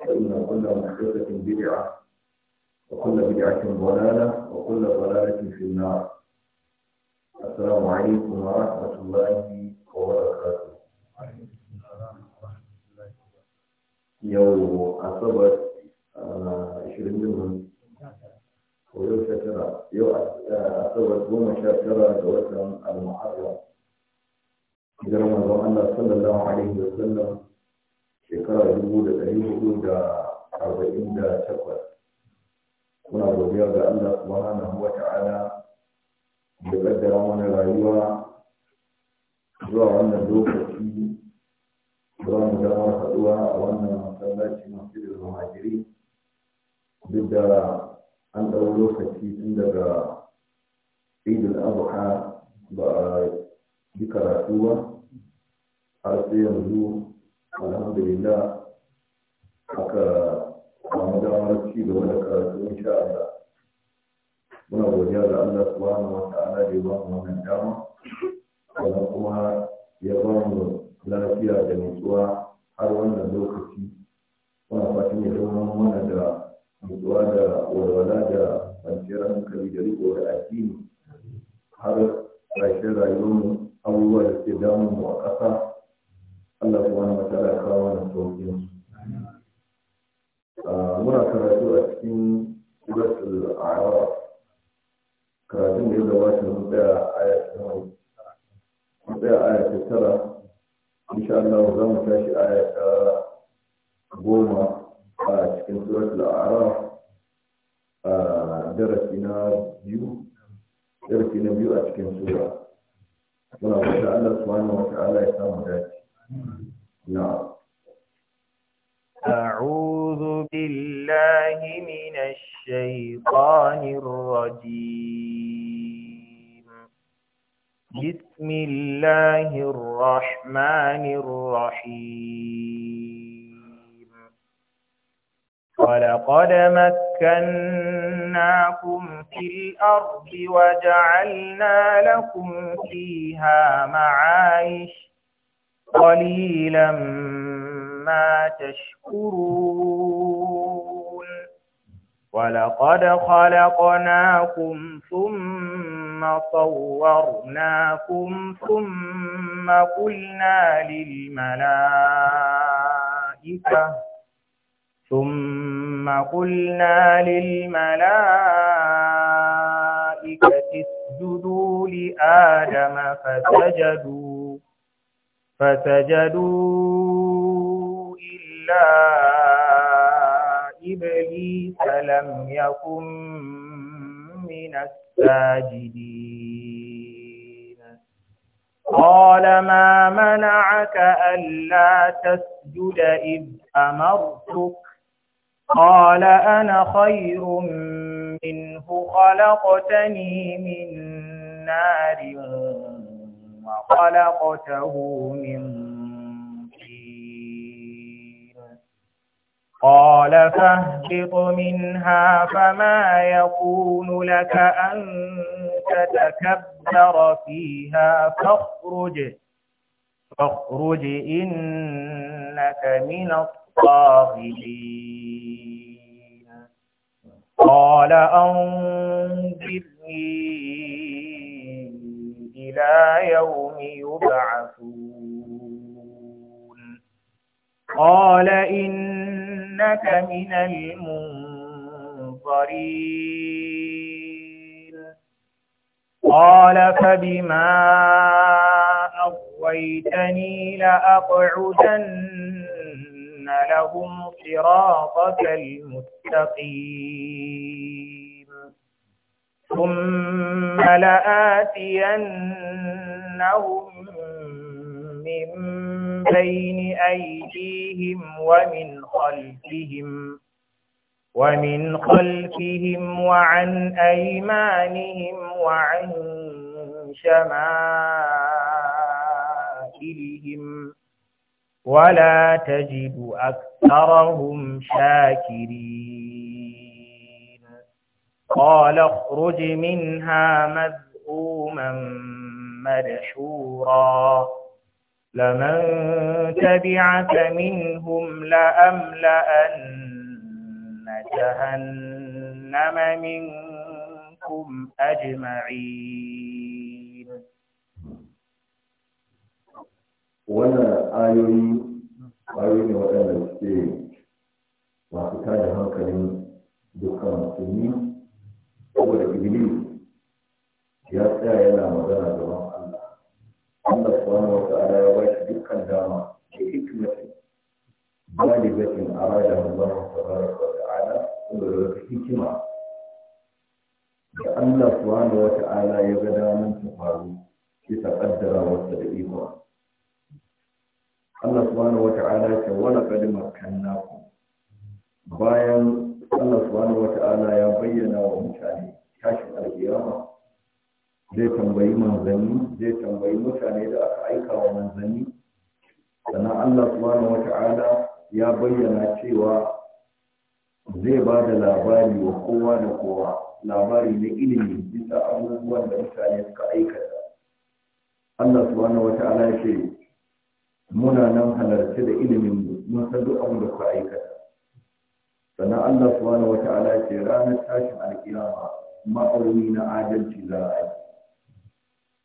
فإن كل محدثة بدعة وكل بدعة ضلالة وكل ضلالة في النار السلام عليكم ورحمة الله وبركاته يوم أصبت آه، عشرين يوم ويوم شكرا يوم أصبت يوم شكرا وسلم المحرم إذا رمضان الله صلى الله عليه وسلم shekara dubu da ɗari hudu da arba'in da takwas muna godiya ga Allah subhanahu wa ta'ala da kaddara mana rayuwa zuwa wannan lokaci zuwa mu damar haɗuwa a wannan masallaci masjidul muhajiri duk da an ɗau lokaci tun daga idul adha ba a yi karatu ba har sai yanzu alhamdulillah aka samu damar ci gaba da karatu insha Allah muna godiya ga Allah subhanahu wa ta'ala da ya ba mu wannan dama wannan kuma ya ba mu lafiya da nutsuwa har wannan lokaci muna fatan ya zama mana da nutsuwa da walwala da kwanciyar hankali da riko da addini har ƙarshen rayuwar abubuwa da ke damun mu a ƙasa Allah subhanahu wa ta'ala ya kawo mana sauƙin su ah, muna karatu a cikin suratul a'raf karatun da ya gabata mun tsaya aya ta mun tsaya aya ta tara insha Allah za mu tashi aya ta goma a cikin suratul a ah, darasi na biyu darasi na biyu a cikin sura muna wata Allah subhanahu wa ta'ala ya samu dace نعم. أعوذ بالله من الشيطان الرجيم بسم الله الرحمن الرحيم ولقد مكناكم في الأرض وجعلنا لكم فيها معايش قليلا ما تشكرون ولقد خلقناكم ثم صورناكم ثم قلنا للملائكة ثم قلنا للملائكة اسجدوا لآدم فسجدوا فسجدوا إلا إبليس لم يكن من الساجدين قال ما منعك ألا تسجد إذ أمرتك قال أنا خير منه خلقتني من نار خلقته من طين قال فاهبط منها فما يكون لك أن تتكبر فيها فاخرج فاخرج إنك من الصاغرين قال أنذرني إلى يوم يبعثون قال إنك من المنظرين قال فبما أغويتني لأقعدن لهم صراطك المستقيم ثم لآتينهم من بين أيديهم ومن خلفهم ومن خلفهم وعن أيمانهم وعن شمائلهم ولا تجد أكثرهم شاكرين قال اخرج منها مذءوما مدحورا لمن تبعك منهم لأملأن جهنم منكم أجمعين وانا آيوني آيوني وانا لسي وعطيتها هكذا دكان مسلمين saboda iblis ya tsaya yana magana gaban Allah Allah subhanahu wa ta'ala ya ba shi dukkan dama da hikmati Da Allah tabaraka wa ta'ala saboda wata hikima da Allah subhanahu wata ala ya ga damun ta faru bisa kaddara wasa da iko Allah subhanahu wata ta'ala ya ce wala qad makkannakum bayan Allah subhanahu ta'ala ya bayyana wa mutane tashin alkiyama zai tambayi manzanni zai tambayi mutane da aka aika wa manzanni sannan Allah subhanahu ta'ala ya bayyana cewa zai ba da labari wa kowa da kowa labari na ilimi bisa abubuwan da mutane suka aikata Allah subhanahu ta'ala ya ce muna nan halarci da ilimin mun san duk abin da ku aikata sannan Allah subhanahu wata'ala ce ranar tashin alkiyama ma'auni na adalci za a yi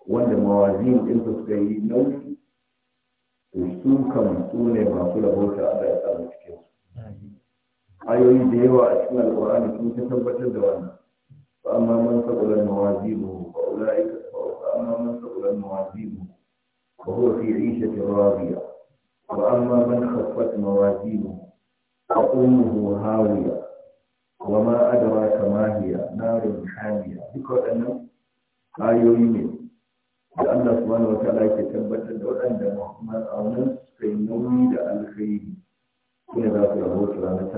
wanda mawazin din su suka yi nauyi to su kan su ne masu rabota Allah ya samu cikin su ayoyi da yawa a cikin alkur'ani sun ta tabbatar da wannan fa amma man saqulan mawazinu fa ulaika fa amma man saqulan mawazinu fa huwa fi 'ishatin radiya wa amma man khaffat mawazinu وأمه هاوية وما أدراك ما هي نار حامية ذكر أنه آيوين da Allah subhanahu wa ta'ala yake tabbatar da waɗanda ma'aunan suka yi da alkhairi shi ne za su rahoto ranar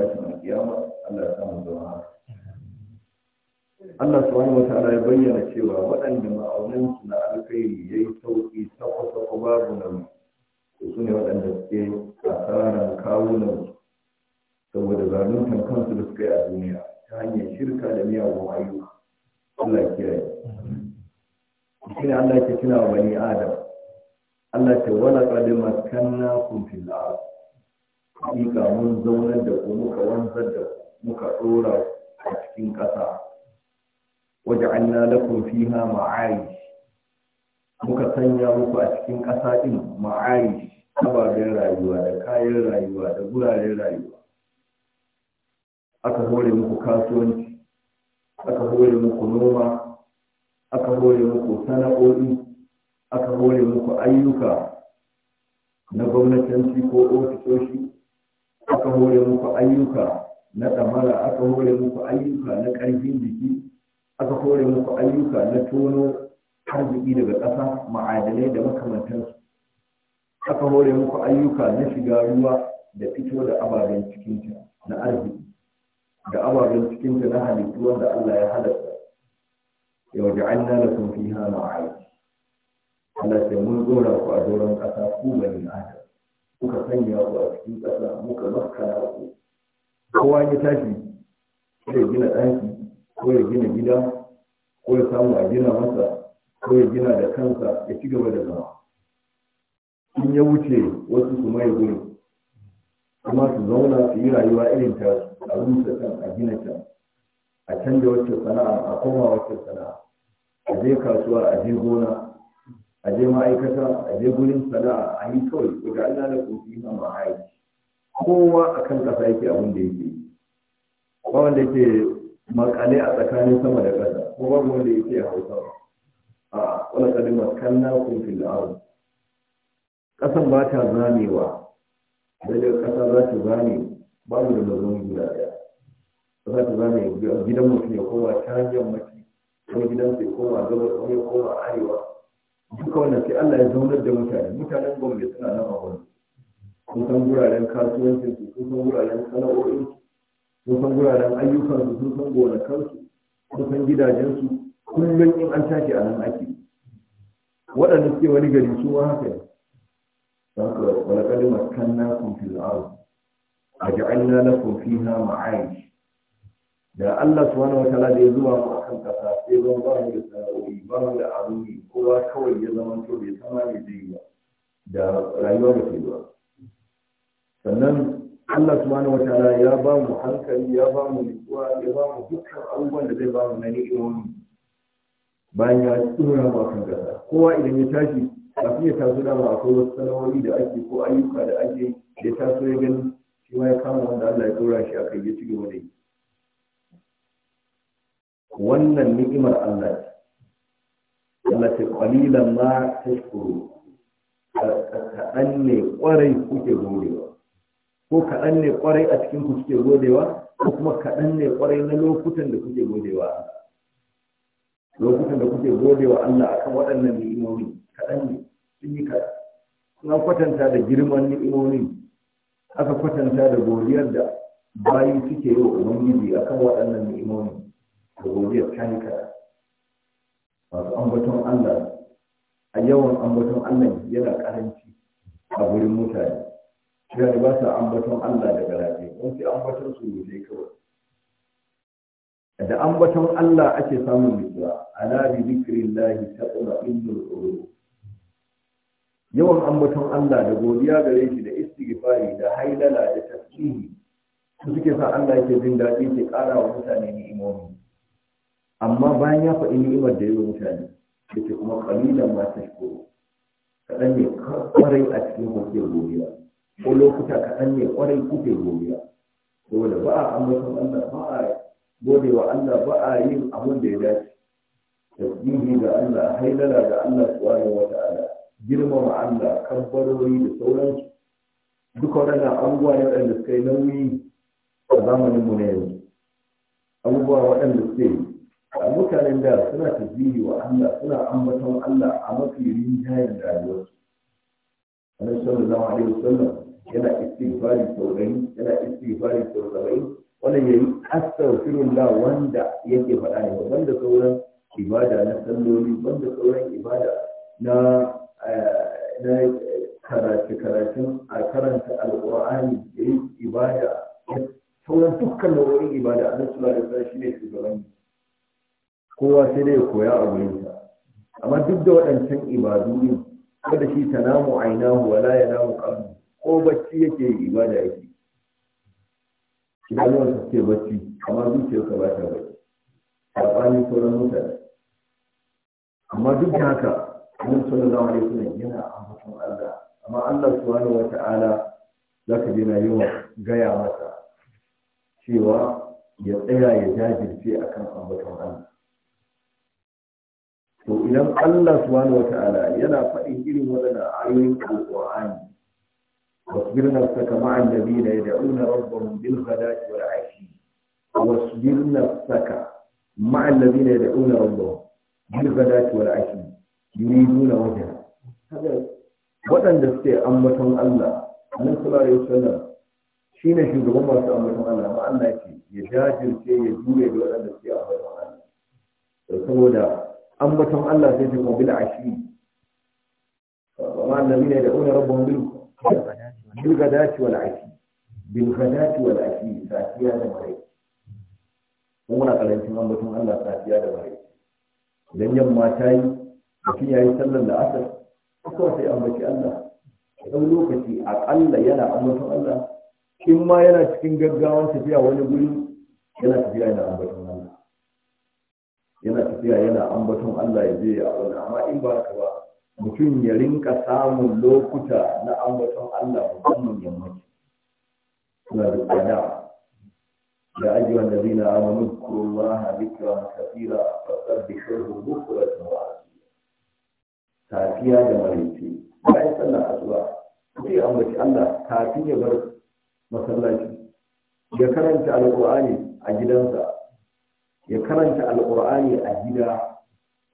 Allah subhanahu wa ta'ala ya bayyana cewa waɗanda ma'aunin na alkhairi ya yi sauƙi sako sako babu nan, su ne waɗanda suke asarar kawunan su saboda zaluntan kansu da suka yi a duniya ta hanyar shirka da miyagun ayyuka Allah ya kiyaye ne Allah ke tuna wa bani Adam Allah ke wala qad kun fil ard hakika mun zaunar da ku muka wanzar da muka dora a cikin ƙasa waj'alna lakum fiha ma'ayish muka sanya muku a cikin ƙasa din ma'ayish ababen rayuwa da kayan rayuwa da guraren rayuwa aka hore muku kasuwanci aka hore muku noma aka hore muku sana'o'i aka hore muku ayyuka na gwamnatanci ko ofisoshi aka hore muku ayyuka na ɗamara aka hore muku ayyuka na ƙarfin jiki aka hore muku ayyuka na tono arziki daga ƙasa ma'adanai da makamantansu aka hore muku ayyuka na shiga ruwa da fito da ababen cikinta na arziki da ababen cikin ta na halittu wanda Allah ya halatta ya waje an da sun fi hana a aiki Allah sai mun zora ku a doron ƙasa ku bani adam kuka sanya ku a cikin ƙasa muka maskara ku kowa ya tashi ko ya gina ɗaki ko ya gina gida ko ya samu a gina masa ko ya gina da kansa ya ci gaba da zama in ya wuce wasu su mai gudu kuma su zauna su yi rayuwa irin ta a rusa can a gina can a canza wacce sana'a a koma wacce sana'a a je kasuwa a je gona a je ma'aikata a je gurin sana'a a yi kawai ko da Allah na kofi na mahaifi. kowa a kan kasa yake abin da yake ba wanda yake makale a tsakanin sama da ƙasa ko babu wanda yake hausa a wani kadin maskanna kun fil ardh kasan ba ta zamewa lalle kasa za ta zane ba mu da mazan guda ɗaya za ta zane gidan mutum ya koma ta hanyar mace ko gidan sai koma gabas ko ya koma arewa duka wannan sai Allah ya zaunar da mutane mutanen gwamnati suna nan a wani sun san guraren kasuwancin su sun san guraren sana'o'in su sun san guraren ayyukan su sun san gonakan su sun san gidajen su kullum in an tashi a nan ake waɗanda suke wani gari su ma haka ne ولقد مكناكم في الأرض وجعلنا لكم فيها معايش da Allah subhanahu wataala da ya zuwa mu akan kasa sai zan ba mu da sana'o'i ba mu da abinci kowa kawai ya zama to bai sama ne zai ba da rayuwa ba ke ba sannan Allah subhanahu wataala ya ba hankali ya ba mu ya bamu mu dukkan abubuwan da zai bamu mu na ni'imomi bayan ya tsura mu akan kasa kowa idan ya tashi kafin ta zuwa dama akwai wasu sana'o'i da ake ko ayyuka da ake da ta ya gani shi ma ya kama wanda Allah ya dora shi akai ya cigaba da yi wannan ni'imar Allah ce Allah ce qalilan ma tashkuru kaɗan ne kwarai kuke godewa ko kaɗan ne kwarai a cikin ku suke godewa ko kuma kaɗan ne kwarai na lokutan da kuke godewa lokutan da kuke godewa Allah akan waɗannan ni'imomi kaɗan ne sun yi kaɗan kuma kwatanta da girman ni'imomin aka kwatanta da godiyar da bayi suke yi wa ubangiji kan waɗannan ni'imomin da godiyar ta yi kaɗan masu ambaton allah a yawan ambaton allah yana ƙaranci a wurin mutane shi da ba sa ambaton allah da garaje sai ambaton su ne kawai da ambaton Allah ake samun nutsuwa ala bi ta taqma innul qulub yawan ambaton Allah da godiya gare shi da istighfari da haidala da tasbihi su suke sa Allah yake jin daɗi ke ƙara wa mutane ni'imomi amma bayan ya faɗi ni'imar da yawa mutane yake kuma kalilan ma tashkuru kaɗan ne kwarai a cikin kuke godiya ko lokuta kaɗan ne kwarai kuke godiya saboda ba a ambaton Allah ba a gode wa Allah ba a yin abin da ya dace tasbihi ga Allah haidala ga Allah subhanahu wa ta'ala girmama Allah kabbarori da sauransu duk waɗannan abubuwa ne waɗanda suka yi nauyi a zamanin mu na yanzu abubuwa waɗanda suke yi a mutanen da suna tasbihi wa Allah suna ambaton Allah a mafi rinjayen rayuwarsu annabi sallallahu alaihi wasallam yana istighfari sau ɗari yana istighfari sau saba'in wannan yayi astaghfirullah wanda yake faɗa ne wanda sauran ibada na salloli wanda sauran ibada na Eh, na karatu-karatun a karanta alƙur'ani da yin ibada sauran dukkan nau'o'in ibada a nan suna da sa shi ne shugaban kowa sai dai koya a gurinsa amma duk da waɗancan ibadu ne wanda shi ta namu ainihu wala ya namu ƙarni ko bacci yake ibada yake idanuwansa ce bacci amma zuciyarsa ba ta bacci saɓanin sauran mutane amma duk da haka annabi sallallahu alaihi wasallam yana ambaton Allah amma Allah subhanahu wata'ala zaka je na yawan gaya masa cewa ya tsaya ya jajirce akan ambaton Allah to idan Allah subhanahu wata'ala yana faɗin irin waɗannan ayoyin alƙur'ani واصبر نفسك مع الذين يدعون ربهم بالغداة والعشي واصبر نفسك مع الذين يدعون ربهم بالغداة والعشي yuridu na wajen waɗanda suke ambaton Allah annabi sallallahu alaihi wasallam shine shugaban masu ambaton Allah Amma Allah ce ya jajirce ya jure da waɗanda suke ambaton Allah saboda ambaton Allah sai ta mobil ashi وما الذين يدعون ربهم بالغداة والعشي بالغداة والعشي ساتيا دمري ومن قال انتم امبتم الله ساتيا دمري لن يما تاي mutum ya yi sallar da asar kuma sai ambaci Allah ɗan lokaci aƙalla yana ambaton Allah in ma yana cikin gaggawan tafiya wani guri yana tafiya yana ambaton Allah yana tafiya yana ambaton Allah ya je a wani amma in ba ka ba mutum ya rinka samun lokuta na ambaton Allah musamman yammaci suna da tsada ya ajiye wanda zina amanu kurullaha zikra kafira fasar da shirhu bukuratun safiya da maraice bayan sallar asuba sai ambaci Allah kafin ya bar masallaci ya karanta alqur'ani a gidansa ya karanta alqur'ani a gida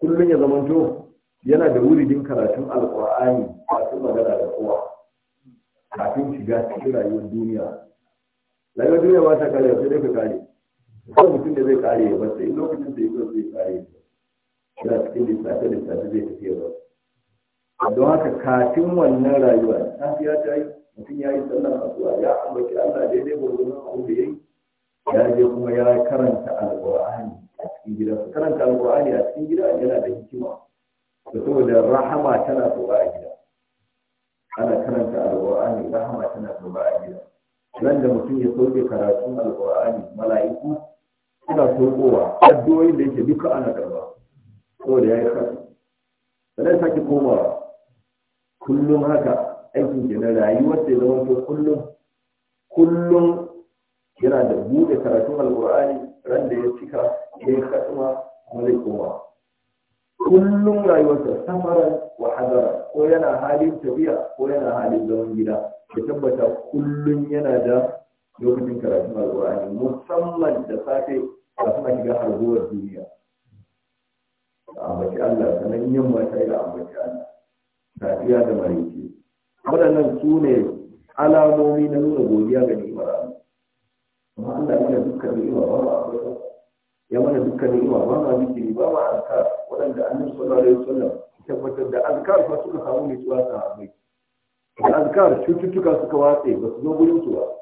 kullum ya zamanto yana da wuridin karatun alqur'ani cikin magana da kowa kafin shiga cikin rayuwar duniya rayuwar duniya ba ta kare sai dai ka kare ko mutum da zai kare ba sai lokacin da ya zo zai kare yana cikin lissafe lissafe zai tafiya ba don haka kafin wannan rayuwa safiya ta yi mutum ya yi sallar asuwa ya ambaci Allah daidai gwargwadon abu da ya yi ya je kuma ya karanta alƙur'ani a cikin gida karanta alƙur'ani a cikin gida yana da hikima da saboda rahama tana tsoba a gida ana karanta alƙur'ani rahama tana tsoba a gida nan da mutum ya sauke karatun alƙur'ani mala'iku suna saukowa addu'o'in da yake duka ana karba saboda ya yi karatu sannan sake komawa kullum haka aikin ke na rayuwar da zama to kullum kullum yana da buɗe karatun alƙur'ani ran da ya cika ya yi katuma kuma koma kullum rayuwarsa safaran wa hadara ko yana halin tafiya ko yana halin zaman gida ya tabbata kullum yana da lokacin karatun alƙur'ani musamman da safe kafin a shiga harbuwar duniya a ambaci Allah sanan yamma ta ga da Allah safiya da mariki waɗannan su ne alamomi na nuna godiya ga ni'imar Allah amma Allah yana dukkan ni'ima ba ma akwai ya mana dukkan ni'ima ba ma zikiri ba ma azkar waɗanda annabi sallallahu alaihi wasallam tabbatar da azkar fa suka samu ne tuwa sahabbai da azkar cututtuka suka watse ba su zo gurin su ba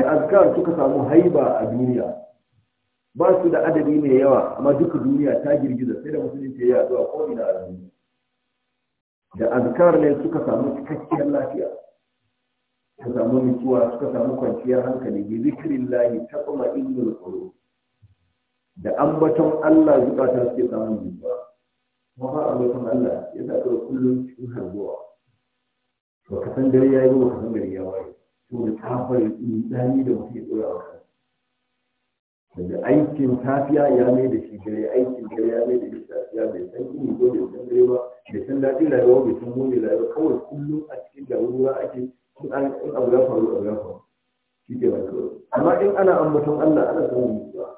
da azkar suka samu haiba a duniya ba su da adadi mai yawa amma duka duniya ta girgiza sai da musulunci ya zuwa ko ina a duniya da azkar ne suka samu cikakkiyar lafiya suka samu nutsuwa suka samu kwanciyar hankali bi ta kuma ingin tsoro. da ambaton Allah zubatar suke samun nutsuwa kuma ba ambaton Allah ya sa ka kullum cikin harbuwa ba ka san dare yayi ba ka san gari ya waye to da tafar tsani da mutum ya dora wa kansa daga aikin safiya ya mai da shi dare aikin dare ya mai da shi safiya bai san ini ko bai san dare ba bai san daɗin rayuwa bai san muni rayuwa kawai kullum a cikin daruruwa ake in an in abu ya faru abu ya faru shi ke baka amma in ana ambaton Allah ana samun nutsuwa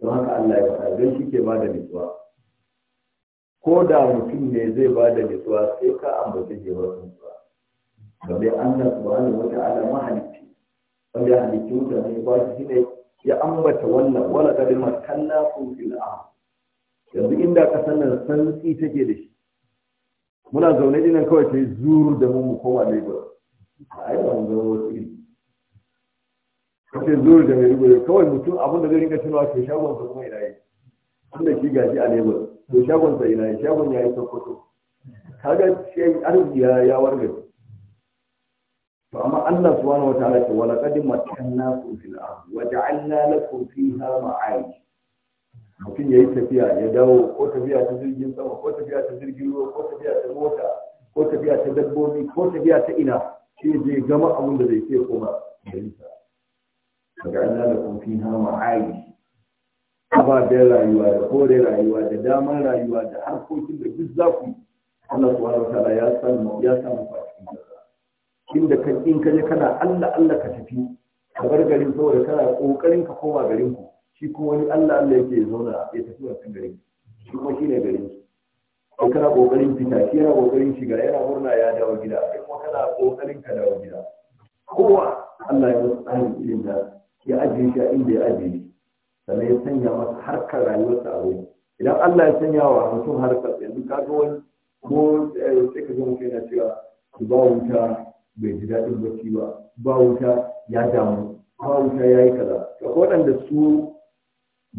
don haka Allah ya faɗa don shi ke ba nutsuwa ko da mutum ne zai bada da nutsuwa sai ka ambaci jewar nutsuwa game Allah subhanahu wa ta'ala mahalicci wanda ya halicci mutane ba shi ne ya ambata wannan wala kadin makanna kun fil ardh yanzu inda kasan nan santsi take da shi muna zaune dinan kawai sai zuru da mu koma Lagos ai ba mu zama wasu iri kace zuru da mai rubuta kawai mutum abin da zai rinka tunawa ke shagon sa kuma ina yi tunda shi gashi a Lagos to shagon sa ina yi shagon yi Sokoto kaga shi arziki ya ya warga to amma Allah subhanahu wataala ce wala qad matanna fil ardi wa ja'alna lakum fiha ma'aish mutum ya yi tafiya ya dawo ko tafiya ta jirgin sama ko tafiya ta jirgin ruwa ko tafiya ta mota ko tafiya ta dabbobi ko tafiya ta ina shi zai gama abin da zai ke koma garinsa daga an lalata kofi fi hama aiki ababen rayuwa da kore rayuwa da damar rayuwa da harkokin da duk za ku Allah su wani wata ya san ya san ku inda ka in ka je kana Allah Allah ka tafi ka bar garin saboda kana kokarin ka koma garin ku shi kuma wani Allah Allah yake zauna ya tafi wannan garin shi kuma shine garin ko kana kokarin fita shi yana kokarin shiga yana murna ya dawo gida kai kuma kana kokarin ka dawo gida kowa Allah ya wasu tsarin irin da ya ajiye shi a inda ya ajiye shi sannan ya sanya masa harkar rayuwarsa a wuri idan Allah ya sanya wa mutum harkar yanzu ka ga wani ko eh, sai ka ga mutum yana cewa ba wuta bai ji daɗin bacci ba ba wuta ya damu ba wuta ya yi kaza ga waɗanda su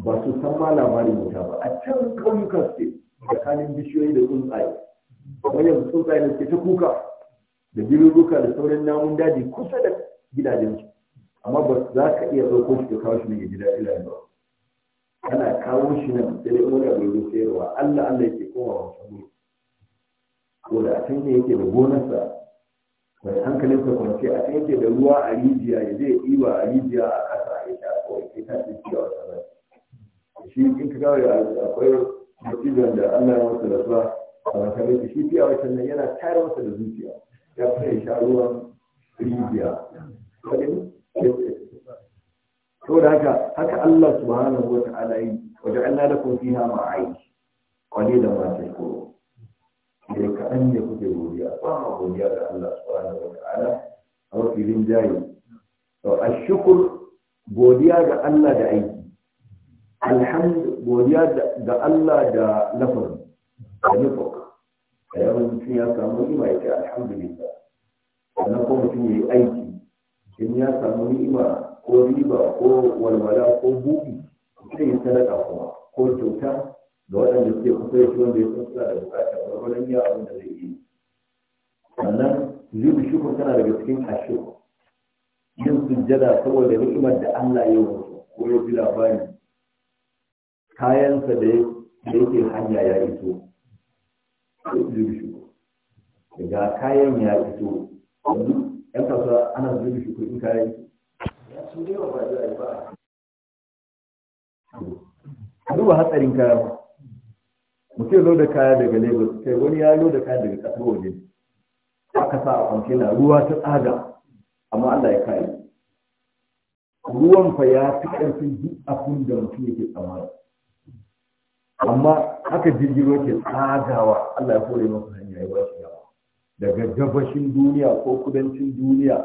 ba su san ma labarin wuta ba a can ƙauyuka su tsakanin bishiyoyi da tsuntsaye yanzu tsuntsaye da suke ta kuka da biruruka da sauran namun daji kusa da gidajensu amma ba za ka iya ɗauko shi da kawo shi ne gida ila ba ana kawo shi nan sai dai wani abu da sayarwa Allah Allah yake kowa wa sabo ko da can ne yake da gonarsa mai hankalin sa kwance a can yake da ruwa a rijiya ya zai iwa a rijiya a ƙasa ya sha kawai sai ta ce ciyawa ta shi in ka gawo akwai musibar da Allah ya masa da suwa a makarai da shi fiya wacce nan yana tare masa da zuciya ya fara ya sha ruwan rijiya da haka haka Allah subhanahu wa ta'ala yi wa ja'alna lakum fiha ma'aish qalilan ma tashkurun sai ka an ne kuke godiya ba ma godiya da Allah subhanahu wa ta'ala a mafi rinjaye to ashukur godiya ga Allah da aiki alhamdu godiya ga Allah da lafarin da nufok da yawan mutum ya samu ni'ima ya ce alhamdulillah sannan ko mutum ya yi aiki in ya samu ni'ima ko riba ko walwala ko buɗi sai ya sadaka kuma ko kyauta ga waɗanda suke kusa da shi wanda ya san suna da bukata gwargwadon ya abin da zai yi sannan zuwa shukur tana daga cikin ashe yin sujjada saboda ni'imar da Allah ya wasu ko ya ji labarin kayansa da yake hanya ya iso Daga kayan ya iso yan kasuwa ana zubi shi kudin kayan ya su yawa ba da yi ba duba hatsarin kaya mutum loda kaya daga lagos kai wani ya loda kaya daga ƙasar waje aka sa a kwantena ruwa ta tsada, amma allah ya kayi ruwan fa ya fi ƙarfin duk abin da mutum yake tsammani amma haka jirgin ke tsagawa Allah ya kore masa hanya ya bashi yawa daga gabashin duniya ko kudancin duniya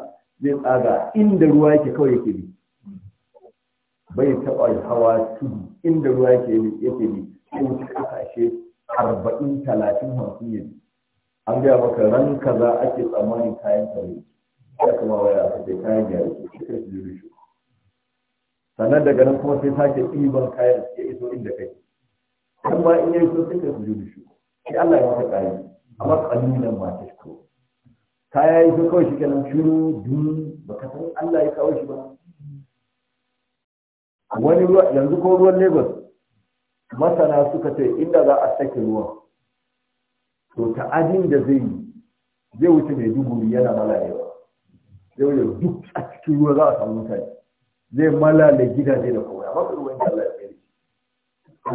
zai tsaga inda ruwa yake kawai yake bi bai taɓa hawa tudu inda ruwa yake yake bi sai wuce kasashe arba'in talatin hamsin ya an gaya maka ran kaza ake tsammanin kayan kare ya kama waya a kai kayan gyara su suka su sannan daga nan kuma sai sake ɗiban kayan ya iso inda kai kan ma in yayi so sai ka sujudu shi sai Allah ya maka kai amma kalilan ma ta shi Ta yi so kawai shi kenan shiru dun baka san Allah ya kawo shi ba wani ruwa yanzu ko ruwan Lagos masana suka ce inda za a sake ruwa. to ta'adin da zai yi zai wuce mai duguri yana malayewa zai wuce duk a cikin ruwa za a samu mutane zai malala gidaje da kowa amma ruwan Allah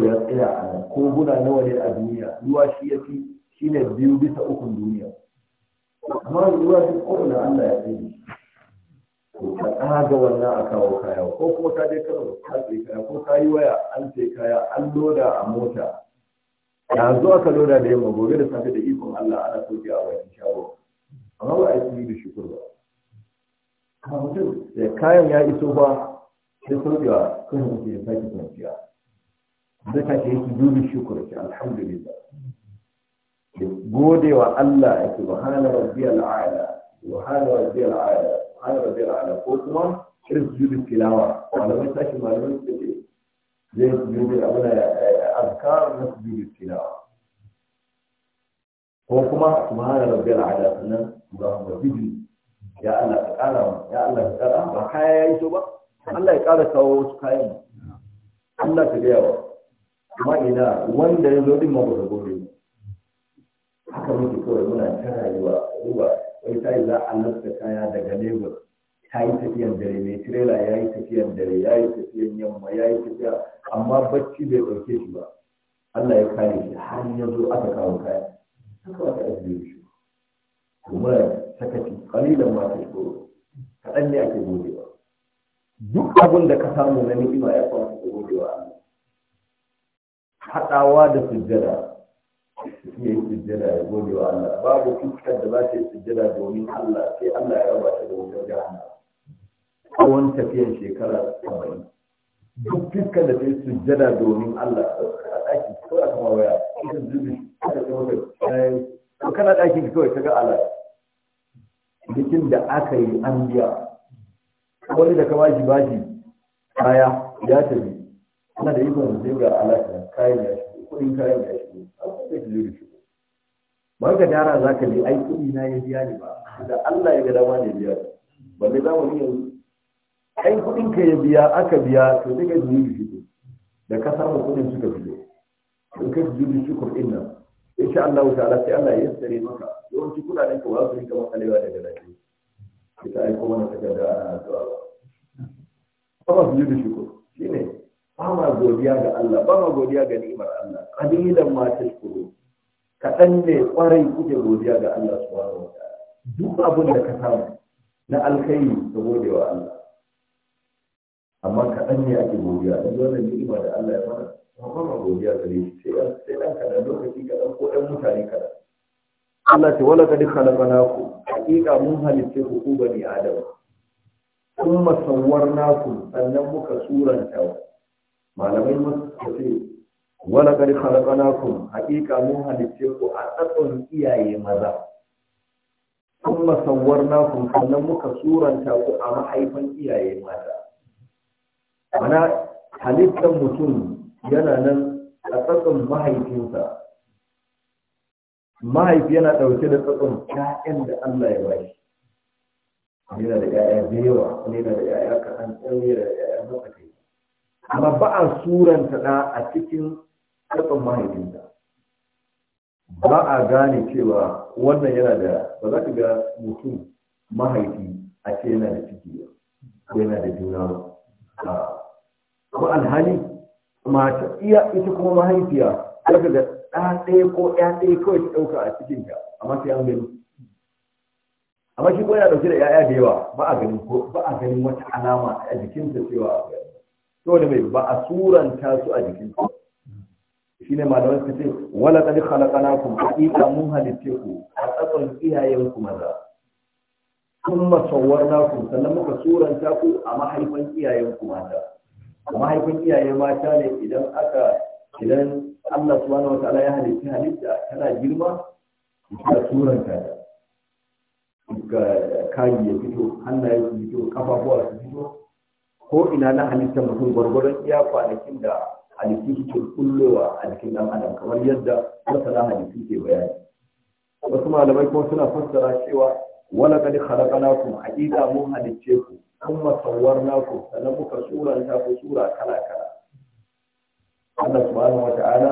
ya tsaya a nan guda nawa ne a duniya ruwa shi ya fi shi ne biyu bisa ukun duniya amma ruwa duk kowane allah ya tsaye to ka ɗaga wannan a kawo kaya ko kuma ka je kano ka tsaye kaya ko ka yi waya an tsaye kaya an loda a mota yanzu aka loda da yamma gobe da safe da ikon allah ana sauke a bakin shago amma ba a yi da shukur ba mutum da kayan ya iso ba sai sauƙewa kan mutum ya sake kwanciya zaka ce yake dubi shukura ce alhamdulillah ya gode wa Allah ya ce subhana rabbiyal a'la subhana rabbiyal a'la subhana rabbiyal a'la ko kuma irin sujudu tilawa malamai sashi malamai suka ce zai sujudu abuna azkar na sujudu tilawa ko kuma subhana rabbiyal a'la sannan Allahumma bidi ya Allah ka kara ya Allah ka kara ba kaya yayi to ba Allah ya kara kawo wasu kayan Allah ka ga yawa amma ina wanda ya zo din ma ba ka haka muke kawai muna ta rayuwa ruwa wai ta yi za a lasta kaya daga lagos ta yi tafiyan dare mai tirela ya yi tafiyan dare ya yi tafiyan yamma ya yi tafiya amma bacci bai ɗauke shi ba allah ya kare shi har ya zo aka kawo kaya haka kuma sakaci kalilan ma ta kaɗan ne ake godewa duk abin da ka samu na ni'ima ya kwanta godewa allah haɗawa da sujjada su yi sujjada ya gode wa Allah babu fuskar da za ta yi sujjada domin Allah sai Allah ya raba ta da wajen jahanna tsawon tafiyar shekara saba'in duk fuskar da ta yi sujjada domin Allah a ɗaki ko a kama waya ita zubi aka ce maka ko kana ɗakin kawai ta ga Allah bikin da aka yi an biya wani da ka bashi bashi kaya ya tafi ana da ikon sai ga alaƙa kayan ya shigo kuɗin kayan ya shigo an kuma da zai shigo ba ka dara za ka je ai kuɗi na ya biya ni ba da Allah ya ga dama ne biya ba balle za mu yanzu ai kuɗin ka ya biya aka biya to sai ka zai shigo da ka samu kuɗin suka fito in ka zai shigo kuɗin nan sha Allah ta'ala sai Allah ya yassare maka yawanci kuɗaɗen ka ba su rinka makalewa daga lafiya ita aiko mana takarda ana zuwa ba ba su yi da shigo ne ba ma godiya ga Allah ba ma godiya ga ni'imar Allah qalilan ma tashkuru kaɗan ne kwarai kuke godiya ga Allah subhanahu wa ta'ala duk abin da ka samu na alkhairi ka gode wa Allah amma kaɗan ne ake godiya da wannan ni'ima da Allah ya mana ba ma godiya ga shi sai sai dan kaɗan lokaci kaɗan ko ɗan mutane kaɗan Allah ce wala kad khalaqnakum haqiqa mun halitta ku ku bani adam kuma naku sannan muka suranta malamai masu ce wala kar khalaqnakum haqiqa mun halitte ku a tsatson iyaye maza kuma sawwarnakum sannan muka suranta ku a mahaifan iyaye mata mana halittar mutum yana nan a tsatson mahaifinsa mahaifi yana ɗauke da tsatson ƴaƴan da Allah ya bashi yana da ƴaƴa da yawa yana da ƴaƴa kaɗan ɗan yana da ƴaƴa matsakaici amma ba a suranta ɗa a cikin tsatson mahaifinta ba a gane cewa wannan yana da ba za ka ga mutum mahaifi a ce yana da ciki ko yana da juna ba kuma alhali mata iya ita kuma mahaifiya daga da ɗa ɗaya ko ɗaya ɗaya kawai ta ɗauka a cikinta amma sai an gani amma shi ko yana ɗauke da 'ya'ya da yawa ba a ganin wata alama a jikinta cewa saboda mai ba a suranta su a jikin ku shi ne malamai su ce wala kadi khalaqana kum haqiqa mun halitte ku a tsakon iyayen ku maza kuma sawwarna ku sannan muka suranta ku a mahaifan iyayen ku mata mahaifin iyaye mata ne idan aka idan Allah subhanahu ya halitta halitta tana girma ta suranta ta ga kayi ya fito hannaye su fito kafafuwa su fito ko ina na halittar mutum gwargwaron iya kwanakin da halittu suke kullowa a jikin ɗan adam kamar yadda masana halittu ke bayani wasu malamai kuma suna fassara cewa wala kadi khalaqnakum haqiqa mun halicce ku kuma sawwarnakum sannan muka ta ku sura kala kala Allah subhanahu ta'ala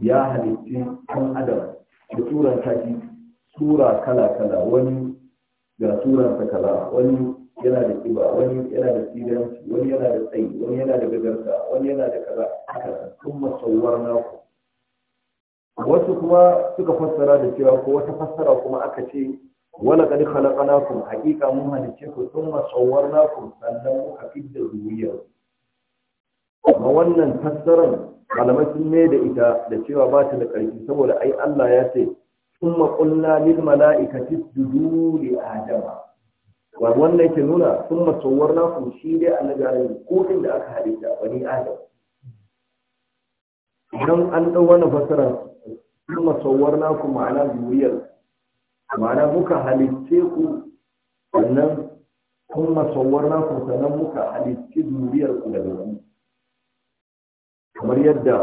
ya halicci ɗan adam da suranta ta sura kala kala wani ga surarsa kala wani yana da kiba wani yana da siranci wani yana da tsayi wani yana da gagarta wani yana da kaza haka sun masauwar naku wasu kuma suka fassara da cewa ko wata fassara kuma aka ce wala kadi khalaqnakum haqiqa mun halice ku sun naku sannan muka fidda zuriyar amma wannan fassarar malamai sun mai da ita da cewa ba ta da ƙarfi saboda ai Allah ya ce kuma qulna lil mala'ikati isjudu li adama wa wannan yake nuna sun matsowar naku shi dai a nagarin kudin da aka halitta a bani adam idan an ɗau wani fasara sun matsowar naku ma'ana zuriyar ma'ana muka halitce ku sannan sun matsowar naku sannan muka halitce zuriyar ku daga wani kamar yadda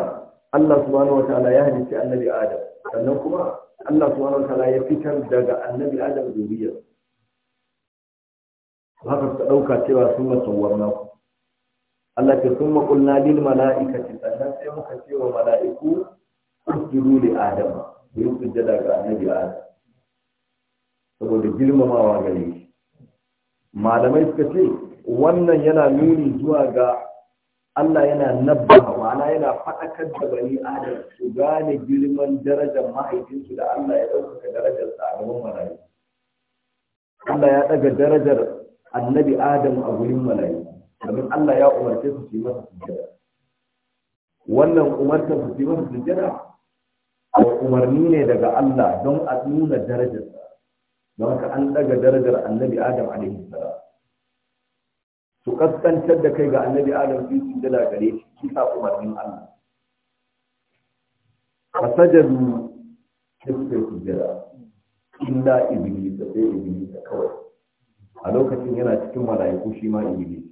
Allah subhanahu wa ta'ala ya halitta annabi Adam sannan kuma Allah subhanahu wa ta'ala ya fitar daga annabi Adam zuriyar haka suka ɗauka cewa sun warna ku Allah ke sun maƙulna lil mala'ikati sannan sai muka ce wa mala'iku usjudu li adam ku yi sujjada ga annabi adam saboda girmamawa gare shi malamai suka ce wannan yana nuni zuwa ga Allah yana nabbawa, ma'ana yana faɗakar da bani adam su gane girman darajar mahaifinsu da Allah ya ɗaukaka darajarsa a gaban mala'iku Allah ya ɗaga darajar annabi adam a gurin mala'iku domin Allah ya umarce su fi masa sujada. wannan umarta su yi masa sujada a umarni ne daga Allah don a nuna darajarsa don ka an daga darajar annabi adam alaihi salam su kaskantar da kai ga annabi adam su sujada gare shi kisa umarnin Allah fasajadu sai sujada, sujjada illa iblis sai iblis kawai a lokacin yana cikin mala'iku shi ma ibili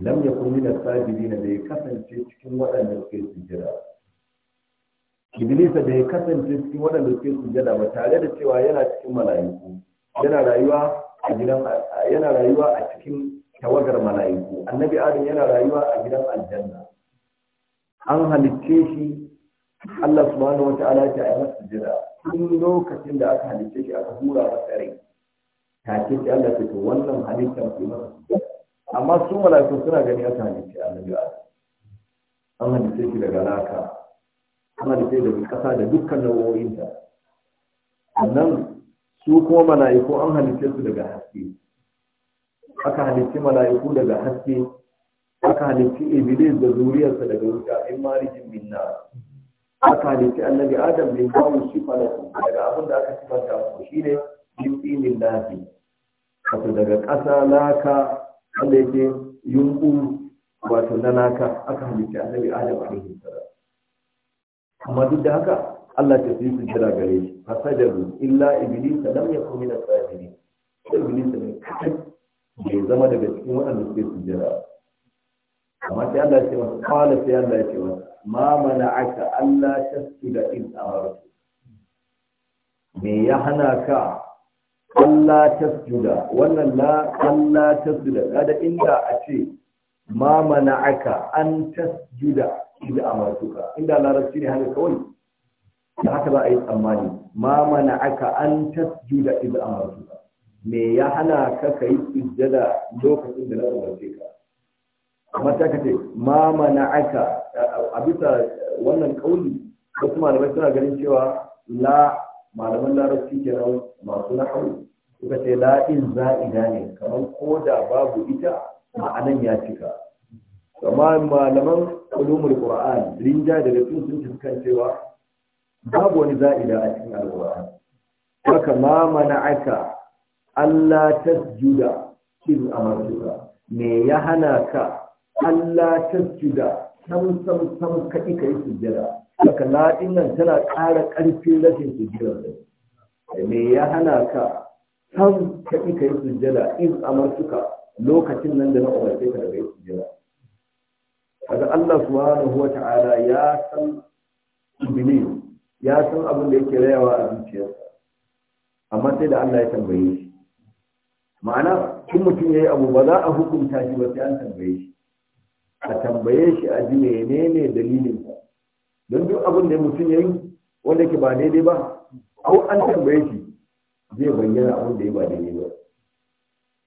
lam yakun min as na bai kasance cikin waɗanda suke sujjada iblis bai kasance cikin waɗanda suke sujjada ba tare da cewa yana cikin mala'iku yana rayuwa a gidan yana rayuwa a cikin tawagar mala'iku annabi adam yana rayuwa a gidan aljanna an halicce shi Allah subhanahu wa ta'ala ya yi masa sujjada tun lokacin da aka halicce shi aka hura masa rai take sai Allah fito wannan halitta ke masa amma su mala'iku suna gani aka halitta annabi Adam an halitta shi daga laka an halitta daga kasa da dukkan nau'o'inta sannan su kuma mala'iku an halitta su daga haske aka halitta mala'iku daga haske aka halitta iblis da zuriyarsa daga wuta in marijin minna aka halitta annabi adam bin kawo shi daga abin da aka sifanta shi ne yu'inin nasi wato daga ƙasa naka wanda yake yunƙu wato na naka aka halitta annabi adam alaihi salam amma duk da haka Allah ta fi jira gare shi fasajaru illa iblis lam yakun min as-sajidin sai iblis ne kai bai zama daga cikin waɗanda suke jira. amma sai Allah ya ce masa kwana sai Allah ya ce masa ma mana'aka Allah tasjuda in amartu me ya hana ka Allah tasjuda wannan la Allah Na da inda a ce ma mana'aka an tasjuda idza amartuka inda larabci ne haka kawai da haka za a yi tsammani ma mana'aka an tasjuda idza amartuka me ya hana ka yi sujjada lokacin da na umarce ka amma ta kace ma mana'aka a bisa wannan kauli wasu malamai suna ganin cewa la malaman larabci kenan masu nahawu suka ce la'in za'ida ne kamar ko da babu ita ma'anan ya cika amma malaman ulumul qur'an rinja da cikin sun cikin cewa babu wani za'ida a cikin alqur'an haka ma mana'aka Allah tasjuda in amartuka me ya hana ka Allah tasjuda sam sam sam kai kai sujjada haka la'in nan tana ƙara ƙarfin rashin sujjada me ya hana ka san ka ka yi sujjada in suka lokacin nan da na umarce ka daga yi sujjada kaga Allah subhanahu wa ta'ala ya san ibini ya san abin da yake rayawa a zuciyarsa amma sai da Allah ya tambaye shi ma'ana in mutum ya yi abu ba za a hukunta shi ba sai an tambaye shi a tambaye shi a ji menene dalilin don duk abin da mutum ya yi wanda ke ba daidai ba ko an tambaye shi zai bayyana abin da ya ba daidai ba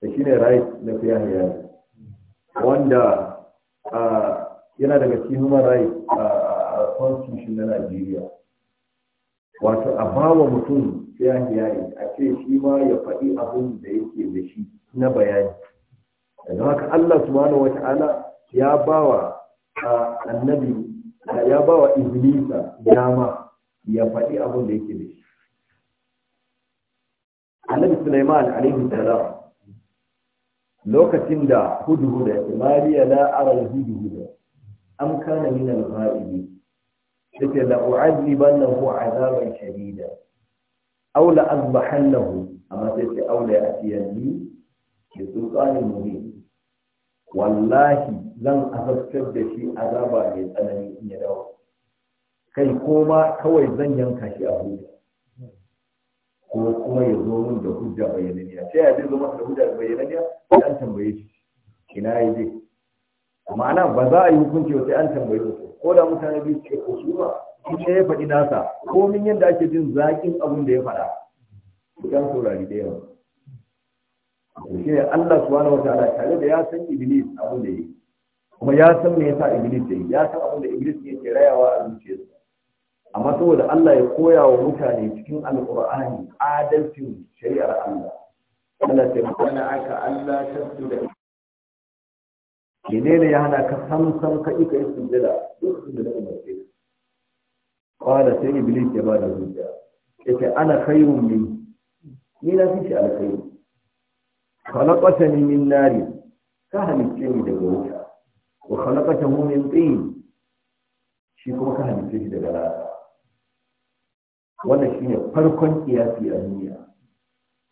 da shi ne rai na fiya wanda yana daga cikin human rai a constitution na Najeriya wato a bawa mutum fiya hayani a ce shi ma ya faɗi abin da yake da shi na bayani da haka Allah subhanahu ya bawa annabi ya bawa iblisa dama ya faɗi abin da yake da shi annabi Sulaiman alaihi salam lokacin da hudhuda mariya la ara hudhuda am kana min al-ghaibi yake la u'adibannahu 'adaban shadida aw la azbahannahu amma sai ce aw la ya'tiyanni bi sulqanin mubin wallahi zan azabtar da shi azaba mai tsanani in ya dawo kai koma kawai zan yanka shi a hudu ko kuma ya zo min da hujja bayyananiya sai ya zo masa da hujja bayyananiya sai an tambaye shi ina ya je ma'ana ba za a yi hukunci ba sai an tambaye shi ko da mutane biyu ke ko su ba ne ya faɗi nasa Ko min yadda ake jin zaƙin abin da ya faɗa idan saurari da yawa to shi ne Allah subhanahu wataala tare da ya san iblis abin da ya yi kuma ya san me yasa iblis ya yi ya san abin da iblis ne ke rayawa a zuciyarsa amma saboda Allah ya koya wa mutane cikin alƙur'ani adalcin shari'ar Allah Allah ta kana aka Allah ta su da menene ya hana ka san ka ika yi dala duk sujjada da ce qala sai iblis ya bada hujja yace ana khairun min ni na fi shi alkhairu khalaqatani min nari ka halicce ni daga wuta wa khalaqatahu min tin shi kuma ka halicce shi daga rana wannan shine farkon kiyasi a duniya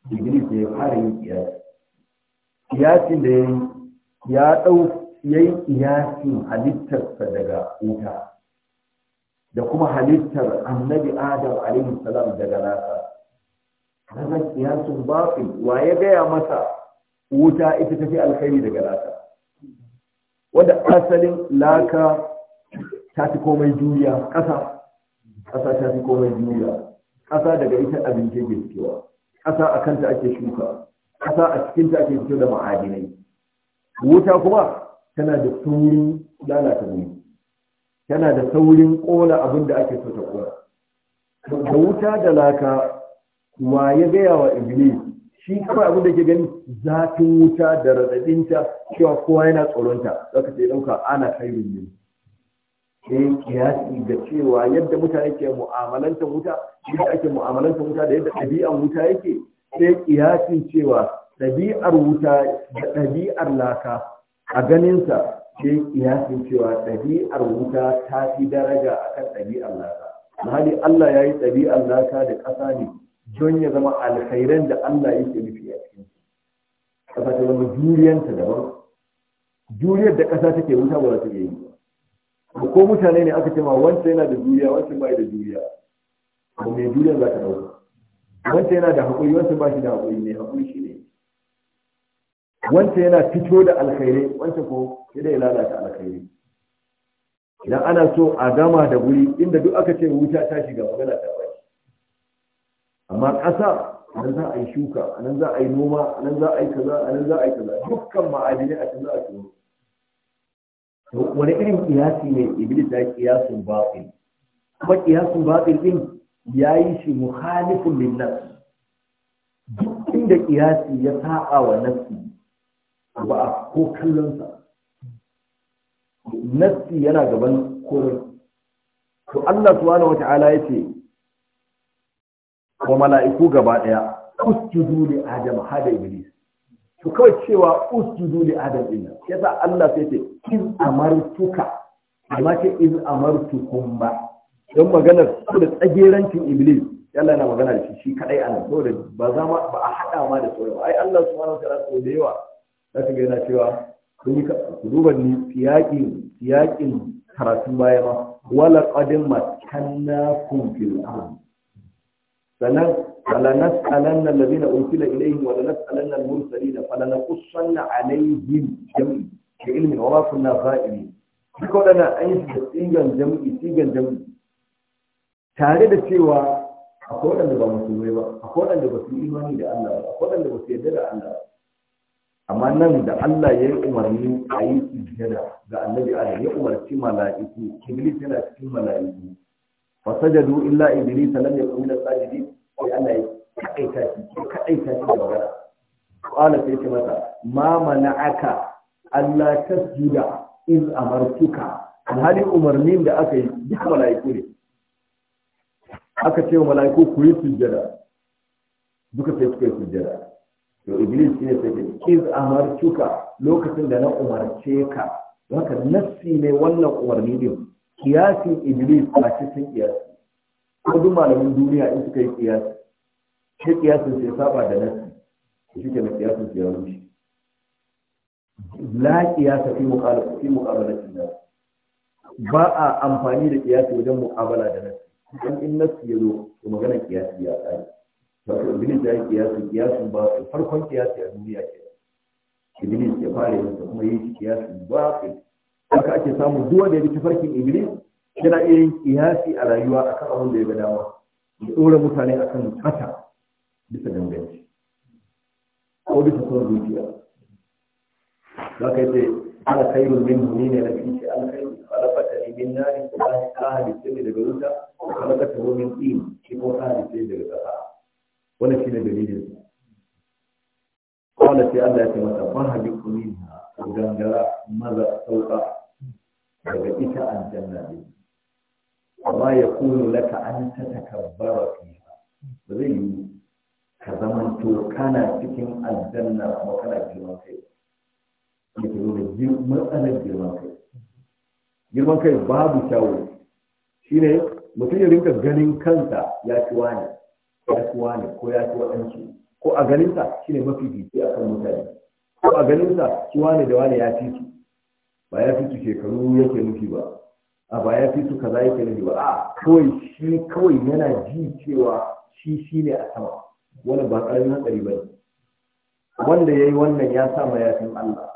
digiri da ya fara yin kiyasi kiyasin da ya dau ya yi kiyasin halittarsa daga wuta da kuma halittar annabi adam alaihi salam daga nasa wannan kiyasin bafi wa ya gaya masa wuta ita ta fi alkhairi daga laka wanda asalin laka ta fi komai juriya ƙasa ƙasa ta fi komai duniya ƙasa daga ita abinci ke fitowa ƙasa a kanta ake shuka ƙasa a cikinta ake fito da ma'adinai wuta kuma tana da saurin lalata wuri tana da saurin ƙona abin da ake so ta ƙona da wuta da laka wa ya gaya wa iblis shi kuma abin da ke gani zafin wuta da raɗaɗinta cewa kowa yana tsoronta zaka ka ce ɗauka ana kai ne Sai yi kiyasi da cewa yadda mutane ke mu'amalanta wuta yadda ake mu'amalanta wuta da yadda ɗabi'ar wuta yake sai kiyasin cewa ɗabi'ar wuta da ɗabi'ar laka a ganinsa sai kiyasin cewa ɗabi'ar wuta ta fi daraja akan ɗabi'ar laka hali Allah ya yi ɗabi'ar laka da ƙasa ne don ya zama alkhairan da Allah yake nufi a cikin ƙasa ta zama juriyanta daban juriyar da ƙasa take wuta ba za ta yi ko mutane ne aka ce wancan yana da juriya wancan bai da juriya ko mai juriya za ka dauka wancan yana da haƙuri wancan ba shi da haƙuri mai haƙuri shi ne wancan yana fito da alkhairai wancan ko sai ya lalata alkhairai idan ana so a gama da wuri inda duk aka ce wuta ta shiga magana ta bai amma ƙasa nan za a yi shuka nan za a yi noma nan za a yi kaza nan za a yi kaza dukkan ma'adinai a can za a turo wani irin kiyasi ne iblis ya kiyasun batil kuma kiyasun batil din ya yi shi muhalifun lin nafsi duk inda kiyasi ya sa'a wa nafsi ba a ko kallonsa. yana gaban korin to Allah subhanahu wata'ala ce, wa mala'iku gaba daya usjudu li adam da iblis to kawai cewa usjudu li adam din nan yasa Allah sai ce in amartuka amma ce in amartukum ba don maganar saboda tsagerancin iblis Allah na magana da shi shi kadai a nan saboda ba za ma ba a hada ma da sauran ai Allah subhanahu wa ta'ala sau da yawa za ka ga yana cewa kun yi ku duba ni yaqin yaqin karatun baya ma wala qadin makannakum fil ardh sanan فلنسألن الذين أرسل إليهم ولنسألن المرسلين فلنقصن عليهم جمع بعلم وما كنا غائبين duka na an yi da tsigan jam'i tsigan jam'i tare da cewa akwai waɗanda ba musulmai ba akwai waɗanda ba su yi da Allah ba akwai waɗanda ba su yarda da Allah ba amma nan da Allah ya yi umarni a yi sujjada ga annabi Adam ya umarci mala'iku iblis yana mala'iku illa iblis lam yakun sai Allah ya kaɗaita shi ya kaɗaita shi da magana qala ce masa ma aka. Allah ta tasjuda iz amartuka alhali umarnin da aka yi duk mala'iku ne aka ce wa mala'iku ku yi sujjada duka sai suka yi sujjada to iblis shine sai ce iz amartuka lokacin da na umarce ka haka nassi ne wannan umarni din kiyasin iblis a cikin kiyasi ko malamin duniya in suka yi kiyasi sai kiyasin sai saba da nasi shi ke na kiyasin sai ya rushe la kiyasa fi muqabala fi muqabalatin ba a amfani da kiyasi wajen muqabala da nasi dan in nasi ya zo to magana kiyasi ya tsari wato iblis ya yi kiyasi kiyasin ba farkon kiyasi a duniya ke iblis ya fara yin kuma yi kiyasi ba haka ake samun duwa da ya bi farkin iblis kira iya yin kiyasi a rayuwa kan abin da ya ga dama da tsoron mutane akan bata bisa danganci ko bisa son zuciya za ka yi ce ana kairun min muni ne na fice an kai falafata ne min nari ko ba ka ce ne daga wuta ko ka ko min tsini shi ko ka ce daga ƙasa Wani shi ne dalilin su kawai sai Allah ya ce mata ba habi kuni na gangara maza sauka daga ita an aljanna ne amma ya kuno laka an ta takabbara fiha ba zai yi ka to kana cikin aljanna kuma kana girman kai ya ke nuna matsalar girman kai girman kai babu kyawu shine mutum ya rinka ganin kansa ya ci wani ya ci wani ko ya ci waɗansu ko a ganinsa shine mafi fifi akan mutane ko a ganinsa ci wani da wani ya ci su ba ya fi su shekaru yake nufi ba a baya fi su kaza yake ne ba a ah, kawai shi kawai yana ji cewa shi shi ne a sama wani ba ƙaramin hatsari ba ne wanda ya yi wannan ya sa mayafin Allah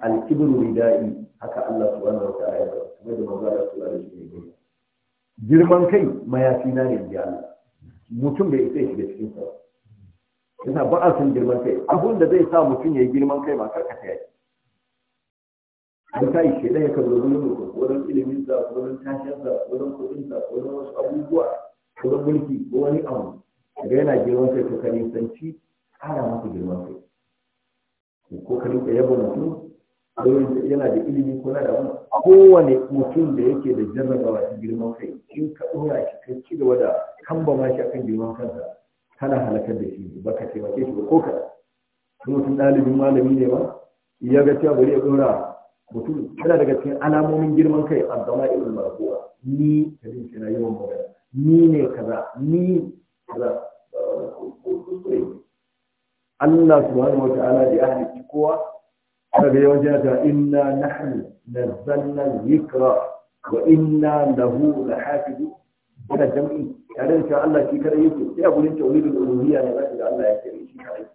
alkibru rida'i haka Allah wanda wata ta'ala da ba kamar da manzo su da shi ne sallam girman kai mayafi na ne ji Allah mutum bai isa shiga cikin sa yana ba a san girman kai abun da zai sa mutum ya yi girman kai ba karkata yake an tashi shi ɗaya kan zama nuna ko wurin ilimin sa ko wurin tashiyar sa ko wurin kuɗin sa ko wurin wasu abubuwa ko wurin mulki ko wani abu daga yana girman kai to ka nisanci ƙara masa girman kai ko ka rinka yaba mutum don yana da ilimi ko na da wani kowane mutum da yake da jarrabawa ta girman kai in ka ɗora shi ka ci gaba da kambama shi akan girman kansa kana halakar da shi ba ka taimake shi ba ko ka mutum ɗalibin malami ne ba ya ga cewa bari ya ɗora mutum yana daga cikin alamomin girman kai a zama irin marfuwa ni ka jin kina yawan magana ni ne kaza ni kaza Allah subhanahu wa ta'ala da ya halicci kowa daga yawan jana ta inna nahnu nazzalna dhikra wa inna lahu lahafizu da jam'i tare da Allah shi kare yake sai a gurin tauhidul uluhiyya ne zaka ga Allah ya kare shi kare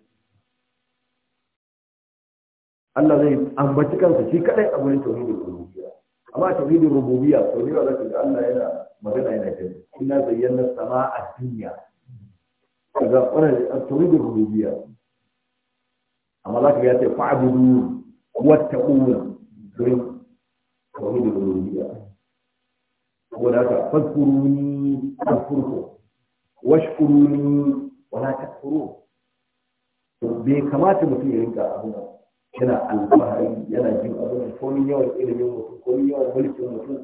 Allah zai ambaci kansa shi kadai a wurin tauhidin rububiyya amma tauhidin rububiyya tauhidin da ga Allah yana magana yana jin ina zayyana sama a dunya kaga wannan tauhidin rububiyya amma zaka ga ya ce fa'budu wattaquna wurin tauhidin rububiyya saboda haka fadkuruni afurku washkuruni wala takfuru to bai kamata mutum ya rinka abun nan yana alfahari yana jin abin komin yawan ilimin mutum komin yawan mulkin mutum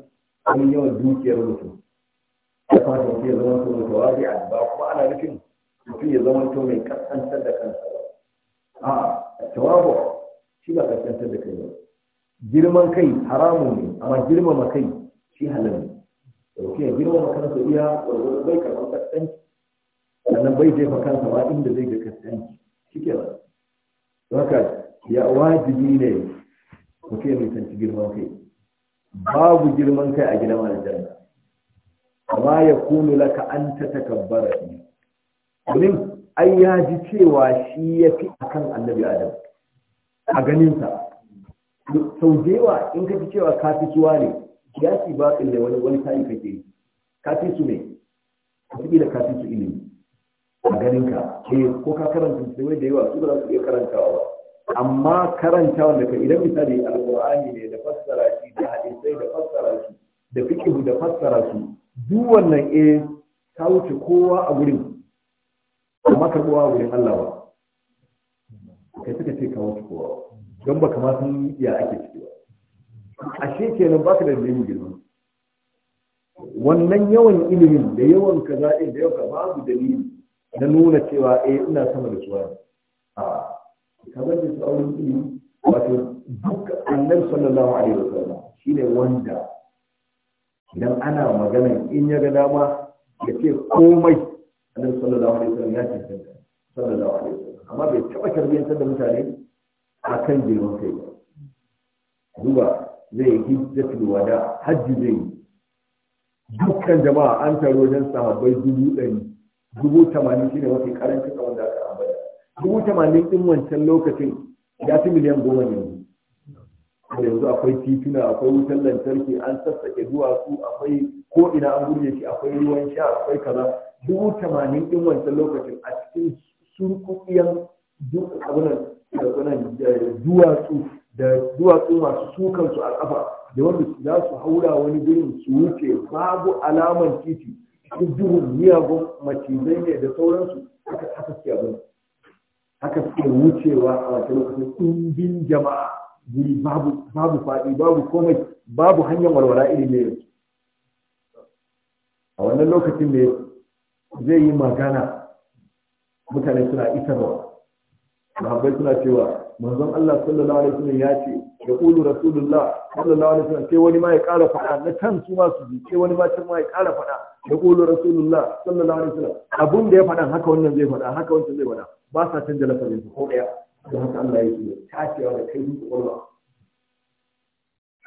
komin yawan dukiyar mutum ya fata mutum ya zama mutum a ba kuma ana nufin mutum ya zama mutum mai kasantar da kansa ba a tawabo shi ba kasantar da kai ba girman kai haramun ne amma girmama kai shi halal ne dauke girmama kansa iya gwargwaro bai karɓar kasanci sannan bai jefa kansa ba inda zai ga kasanci shi ke ba ya wajibi ne mutum mai nisanci girman kai babu girman kai a gidan aljanna amma ya kunu laka an ta takabbara ne domin ai ya ji cewa shi ya fi akan annabi adam a ganinsa sau da yawa in ka fi cewa ka fi suwa ne ya ci ba ne wani wani tayi kake ka fi su ne ka fi da ka fi su ilimi a ganinka eh, ko ka karanta sai da yawa su ba za su iya karantawa ba amma karanta wanda ka idan misali alqur'ani ne da fassara shi da hadisai da fassara shi da fiqh da fassara su duk wannan eh ta wuce kowa a gurin amma ka a gurin Allah ba kai suka ce ka wuce kowa don baka ma san ya ake ciki ba ashe kenan baka da dalilin girma wannan yawan ilimin da yawan kaza'in da yawan babu dalili na nuna cewa eh ina sama da suwa a kamar da tsawon ilimi wato duk annabi sallallahu alaihi shi ne wanda idan ana magana in ya ga dama ya ce komai annabi sallallahu alaihi sallam ya ce sallallahu alaihi sallam amma bai taba karbiyantar da mutane kan girman kai ba duba zai yi hijjatul wada hajji zai yi dukkan jama'a an taro wajen sahabbai dubu ɗari dubu tamanin shi ne mafi karanci a wanda aka dubu tamanin ɗin wancan lokacin ya fi miliyan goma ne. yanzu akwai tituna akwai wutan lantarki an sassaƙe duwatsu akwai ko ina an gurje shi akwai ruwan sha akwai kaza dubu tamanin ɗin wancan lokacin a cikin surkuɗiyan duwatsu da duwatsu masu sukansu a ƙafa da wanda za su haura wani gurin su wuce babu alaman titi duk duhun miyagun macizai ne da sauransu aka haka ke haka suke wucewa a wata lokacin ɗumbin jama'a guri babu faɗi babu komai babu hanyar walwala iri ne a wannan lokacin ne zai yi magana mutane suna isarwa sahabbai suna cewa manzon Allah sallallahu alaihi wasallam ya ce ya qulu rasulullah sallallahu alaihi wasallam sai wani ma ya ƙara faɗa na kan su ma su ji sai wani ma can ma ya ƙara faɗa ya qulu rasulullah sallallahu alaihi wasallam abun da ya faɗa haka wannan zai faɗa haka wannan zai faɗa ba sa canja lafazin su ko daya don haka Allah ya ce tacewa da kai duk kwalwa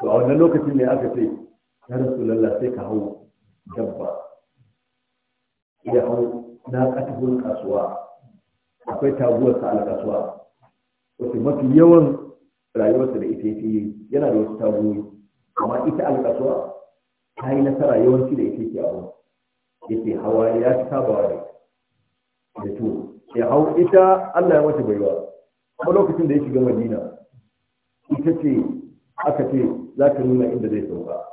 to a wannan lokacin ne aka ce ya rasulullah sai ka hau dabba ya hawo na katibul kasuwa akwai taguwar sa al kasuwa wasu mafi yawan rayuwarsa da ita yake yana da wasu tagoyi amma ita alƙasuwa ta yi nasara yawanci da ita yake abu yake hawa ya fi sabawa da da to ya hau ita Allah ya mata baiwa kuma lokacin da ya shiga Madina ita ce aka ce za ka nuna inda zai sauka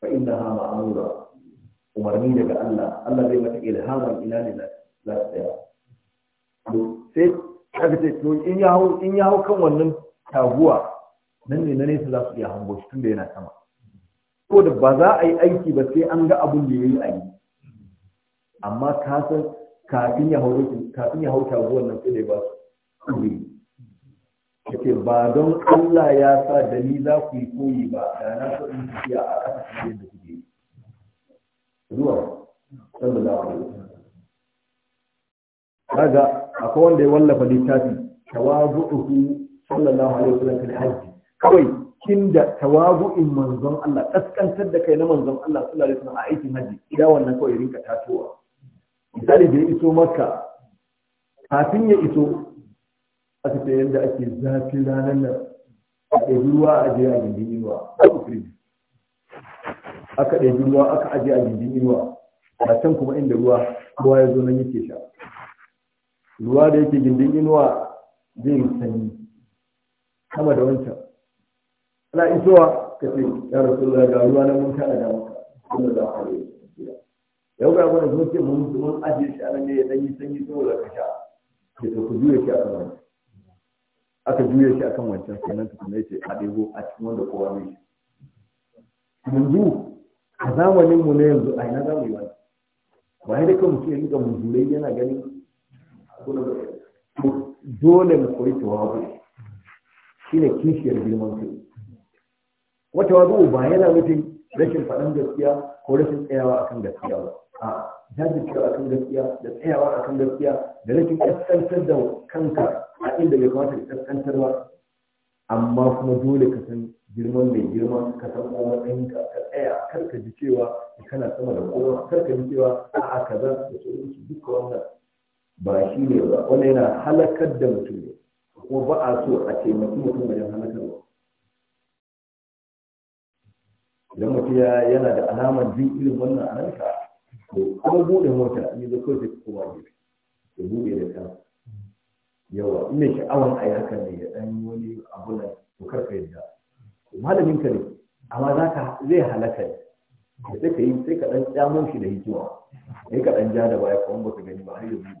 fa inna ha ma'amura umarni daga Allah Allah zai mata ilhaman ina ne za ta tsaya sai kaga ce to in ya hau in ya hau kan wannan taguwa nan ne na nesa za su iya hango shi tunda yana sama ko da ba za a yi aiki ba sai an ga abin da ya yi amma ka san kafin ya hau kafin ya hau taguwar nan sai dai ba su kuri yake ba don Allah ya sa da ni za ku yi koyi ba da na so in tafiya a ƙasa yadda kuke zuwa sallallahu alaihi wasallam kaga akwai wanda ya wallafa littafi tawazu'uhu sallallahu alaihi wasallam fil hajji kawai kinda tawazu'in manzon Allah kaskantar da kai na manzon Allah sallallahu alaihi wasallam a aikin hajji ida wannan kawai rinka tatowa misali da ya iso maka kafin ya iso a ce yadda ake zafi ranar nan a ɗabi ruwa a je a gindin inuwa babu firiji aka ɗabi ruwa aka aje a gindin inuwa a can kuma inda ruwa kowa ya zo nan yake sha ruwa da yake gindin inuwa zai yi sanyi sama da wancan ana isowa ka ce ya rasu da ga ruwa na mun kana da maka kuma za a yi yau ga wani zuwa ce mun mun ajiye shi anan ne ya danyi sanyi saboda ka sha ke to ku juya shi a kan wancan aka juya shi akan wancan sannan ta kuma ce a ɗebo a cikin wanda kowa ne yanzu a zamaninmu na yanzu a yi na mu yi wani ba ya da kan mutum ya rika mu yana ganin dole mu koyi tawazu shine kishiyar girman kai wata wazo ba yana nufin rashin faɗan gaskiya ko rashin tsayawa akan gaskiya ba a jajircewa akan gaskiya da tsayawa akan gaskiya da rashin kaskantar da kanka a inda bai kamata ka kaskantar ba amma kuma dole ka san girman mai girma ka san kuma ɗinka ka tsaya kar ka ji cewa kana sama da kowa kar ka ji cewa a'a kaza da sauransu duka wannan ba shi ne ba wanda yana halakar da mutum ne ko ba a so a taimaki mutum wajen halakarwa idan mutum yana da alamar jin irin wannan a ranka to kuma buɗe mota ni da kawai take kowa ne ya buɗe da kan yawa ina sha'awar a yi haka ne ya ɗan wani abu na to ka yadda malamin ka ne amma za ka zai halaka ne sai ka yi sai ka ɗan tsamon shi da hikima sai ka ɗan ja da baya kuma ba ka gani ba har yanzu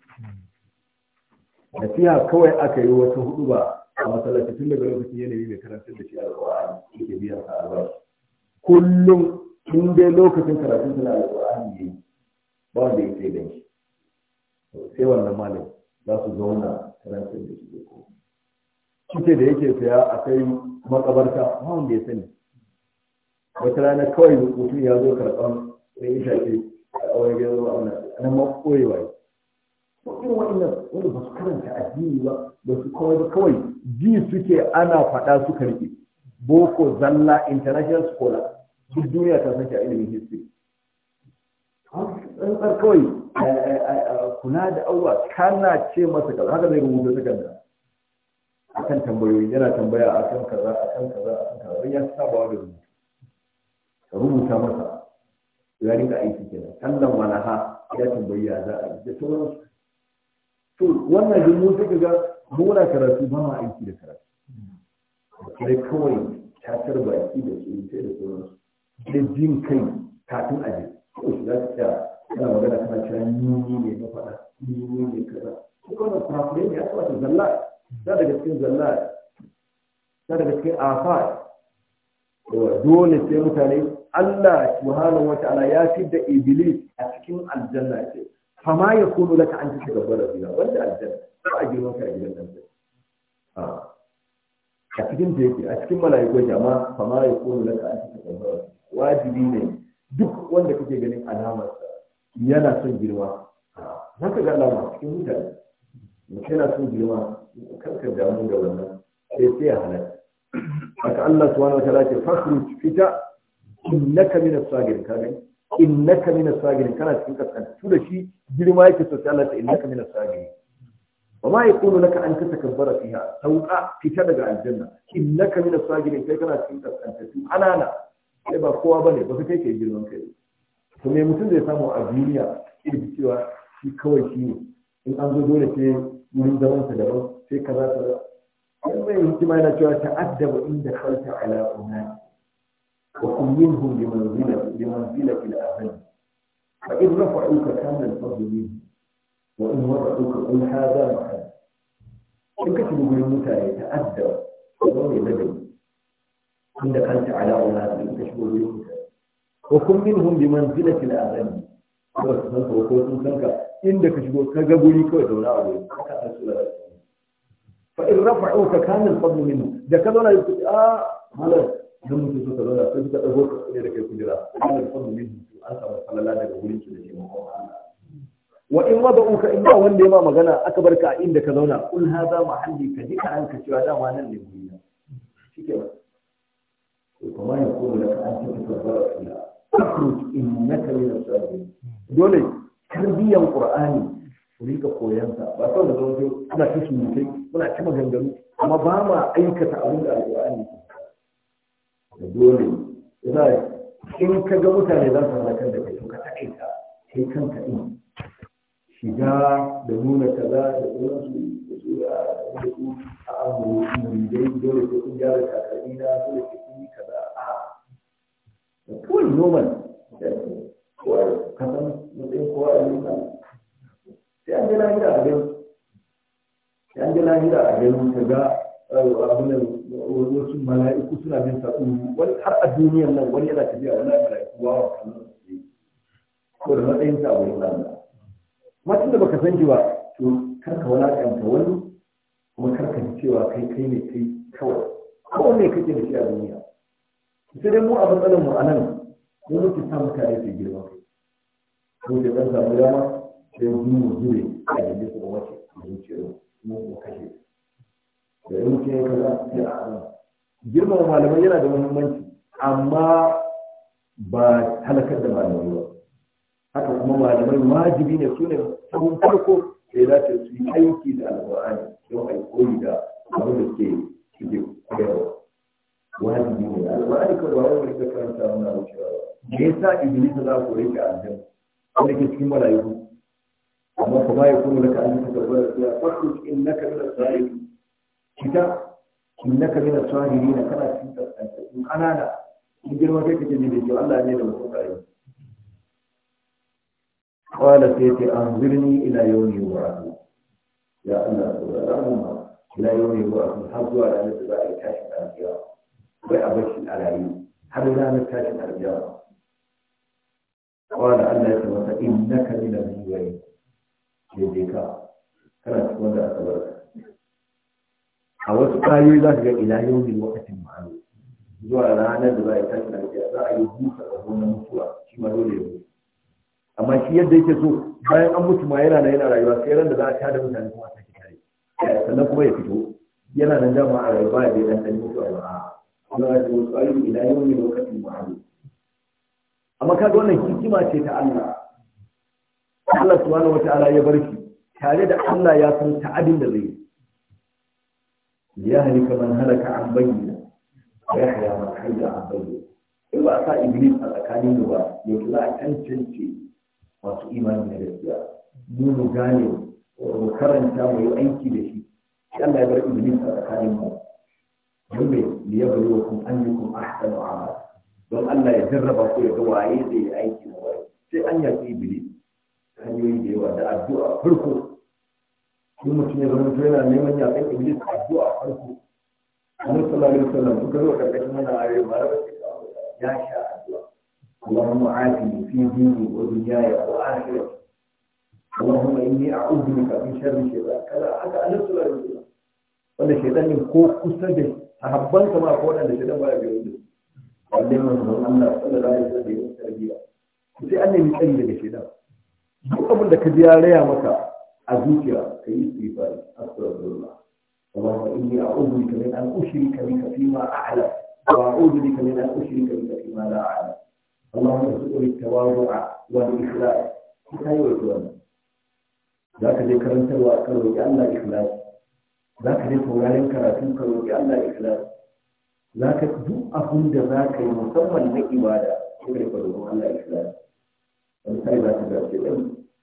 nasiha kawai aka yi wata hudu ba a masallaci tun daga lokacin yanayi mai karantar da shi alƙur'ani ke biyan sa albashi kullum tun dai lokacin karatun sa na alƙur'ani ne ba wanda ya da ganshi sai wannan malam za su zauna karantar da shi ko kike da yake saya a kai makabarta ba wanda ya sani wata rana kawai mutum ya zo karɓar sai ya shafe a wani gidan zuwa nan ma koyewa irin waɗannan wanda ba su karanta addini ba ba su kawai ba kawai ji suke ana faɗa su rike boko zalla international scholar duk duniya ta sake a ilimin history tsantsar kawai eh, eh, eh, kula da abubuwa kana ce masa kaza haka zai rubuta takarda akan tambayoyi yana tambaya akan kaza akan kaza akan kaza ya saba da rubuta ka rubuta masa ya rinka aiki kenan kallon ha ya tambayi ya za a yi da sauransu to wannan da mu ka ga muna karatu ba ma aiki da karatu sai kawai ta tarba aiki da su sai da su da jin kai kafin a je ko shi za ka ta kana magana kana cewa ni ne na faɗa ni ne kaza ko kana kurakurai ne ya kamata zalla za daga cikin zalla za daga cikin afa dole sai mutane Allah subhanahu wa ta'ala ya fi da iblis a cikin aljanna ce fama ya kono laka an cika gaban rabiya wanda aljanna ba a girman ka a gidan aljanna a cikin ta a cikin mala'iku yake amma fama ya kono laka an cika gaban rabiya wajibi ne duk wanda kake ganin alamar yana son girma za ka ga alama cikin mutane mutum na son girma karka damu da wannan sai sai a halatta Aka Allah wani wata ta'ala ce fakhruj fita innaka min as-sagirin ka gani innaka minas sagirin kana cikin kaskantu da shi girma yake sosai Allah ta innaka minas sagirin wa ma yakunu laka an tatakabbara fiha sauka fita daga aljanna innaka minas sagirin kai kana cikin kaskantu anana sai ba kowa bane ba kai ke girman kai to me mutum zai samu a duniya irin cewa shi kawai shi ne in an zo dole sai wurin zaman sa daban sai kaza kaza kuma mai hikima yana cewa ta'addaba inda khalta ala umma وقيمهم بمنزلة بمنزلة الأهم فإن رفعوك كان الفضل منه وإن وضعوك قل هذا محل إن كتبوا بالموتى يتأدى فضل بدل عندك أنت على أولاد إن تشبه بالموتى وكن منهم بمنزلة الأهم وكن منهم كنك عندك شبه كجبولي كوي ولا أولي فإن رفعوك كان الفضل منه ذكرنا كذا لا يقول آه هذا idan mutum suka zauna sai suka ɗago ka ne da kai kujera ana da fadlu min su an samu falala daga wurin su da taimakon wa in wada'u ka in ba wanda ya ma magana aka barka a inda ka zauna kul hadha mahalli ka ji ka an ka cewa dama nan ne gurina shike ba to kuma ya ko da an ci ka fara kula takhruj innaka min as-sabirin dole tarbiyan qur'ani ku rika koyan sa ba kawai da zauna ana ta sunutai muna ta maganganu amma ba ma aikata abin da alqur'ani da dole yasa in ka ga mutane za su halakar da kai to ka taƙaita kai kanka ɗin shiga da nuna kaza da sauransu da su a ku a amuru dai dole sai kun gyara takalmi na dole sai kun yi kaza a da kawai noman ka kasan matsayin kowa a nuna sai an gina hira a gani sai an ji lahira a gani ka ga eh, abunan wasu mala'iku suna bin sa wani har a duniyar nan wani yana tafiya wani mala'iku wa wa kallon su yi ko da matsayin sa wani lana matan da baka san ji to kar ka wulakanta wani kuma kar ka ji cewa kai kai ne kai kawai kawai ne kake da shi a duniya sai dai mu a matsalar mu a nan mu muke sa mutane su girma ko da ɗan samu dama sai mu zuwe a gindin su wace a zuciyar mu kashe da kaza sai a nan girmama malamai yana da muhimmanci amma ba halakar da malamai ba haka kuma malamai wajibi ne su ne sabon farko da ya dace su yi aiki da alƙur'ani don a yi koyi da abin da ke suke koyarwa wajibi ne alƙur'ani kawai ba wani da karanta muna wucewa me yasa iblis za ku rike aljanna wanda ke cikin malayu amma kuma ba ya kuma laka an ta gaba da ya farko cikin na da tsari fita innaka min as-sahirin kana cikin tsantsan kanana in girma kai kake ne da ke Allah ne da mutum kai qala sayyidi anzirni ila yawmi yub'ath ya Allah subhanahu ila yawmi yub'ath har zuwa da za a yi tashin alƙiyama bai a a rayu har ranar tashin alƙiyama قال الله يتوفى إنك من المجوعين Kana كانت wanda ذا أكبرك a wasu kayoyi za su ga ila yau ne lokacin ma'anu zuwa ranar da za a yi tashi lafiya za a yi busa a gonar mutuwa shi ma dole ya mutu amma shi yadda yake so bayan an mutu ma yana da yana rayuwa sai ran da za a tada mutane kuma a sake tare sannan kuma ya fito yana nan dama a rayuwa ya bai dan dan mutuwa ba a kuma a ce wasu kayoyi ila yau ne lokacin ma'anu amma kaga wannan hikima ce ta Allah Allah subhanahu ta'ala ya bar shi tare da Allah ya san ta'adin da zai yi ليهلك من هلك عن بينه ويحيى من حي عن بينه in ba a sa iblis a tsakanin ba ya kula a kan cance masu imani na gaskiya mu mu gane mu karanta mu yi aiki da shi shi ya bar iblis a tsakanin mu don me li yabluwakum annakum ahsanu amala don Allah ya jarraba ku ya ga waye zai yi aiki a waye sai an yafi iblis hanyoyi da yawa da addu'a farko in mutum ya zama to yana neman yaƙin iblis a zuwa a farko annabi sallallahu alaihi wasallam suka zo karkashin wannan ayoyi ba ya sha addu'a اللهم عافني في ديني ودنياي واخرتي اللهم اني اعوذ بك من شر الشيطان كذا هذا الف لا يقول wanda shaitan ne ko kusa da sahabban ma ko wanda shaitan baya biyo da wanda ya manzo Allah sallallahu alaihi wasallam ya tarbiya sai Allah tsari daga shaitan duk abin da ka ji ya raya maka a zuciya ka yi istighfari astaghfirullah اللهم اني اعوذ بك من ان اشرك بك فيما اعلم واعوذ بك من ان اشرك بك فيما لا اعلم اللهم ارزقني التواضع والاخلاص كيف يقول za ka je karantarwa ka roƙi Allah ikhlas za ka je sauraren karatu ka roƙi Allah ikhlas za ka duk abin da za ka yi musamman na ibada sai Allah za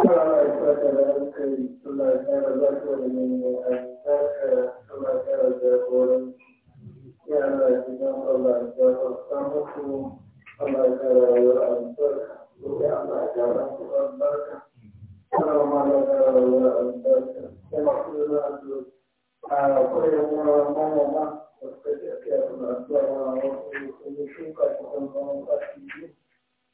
Allah ya saka da alkhairi, Allah ya da mai aika, Allah ya kara ya ya ya ya ya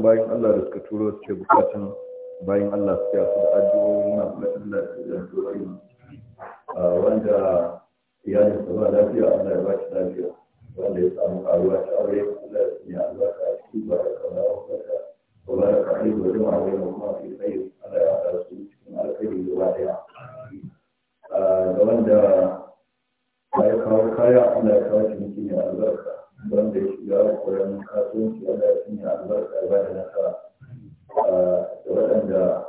bayan Allah da suka turo suke bukatan bayan Allah su ya da addu'o'i na Allah su ya addu'o'i wanda iyalin sa ba lafiya Allah ya ba shi lafiya wanda ya samu karuwa ta aure Allah ya albarka a cikin baraka da albarka wa baraka alaihi wa jama'a wa kuma fi khair Allah ya hada su cikin alkhairi gaba daya da wanda ya yi kawo kaya Allah ya kawo ciniki ne albarka wanda ya shiga koyon kasuwanci Allah ya cinye albarka ba da nasara da waɗanda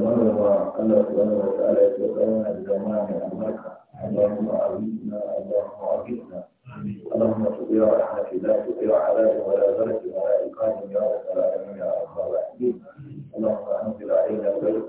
manoma Allah subhanahu wa ta'ala ya tsoka mana da zama mai albarka اللهم أعيننا اللهم أعيننا اللهم تطيع رحمتي لا تطيع عذابي ولا ذنبي ولا إقامي يا رب العالمين يا رب العالمين اللهم أنزل علينا الغيث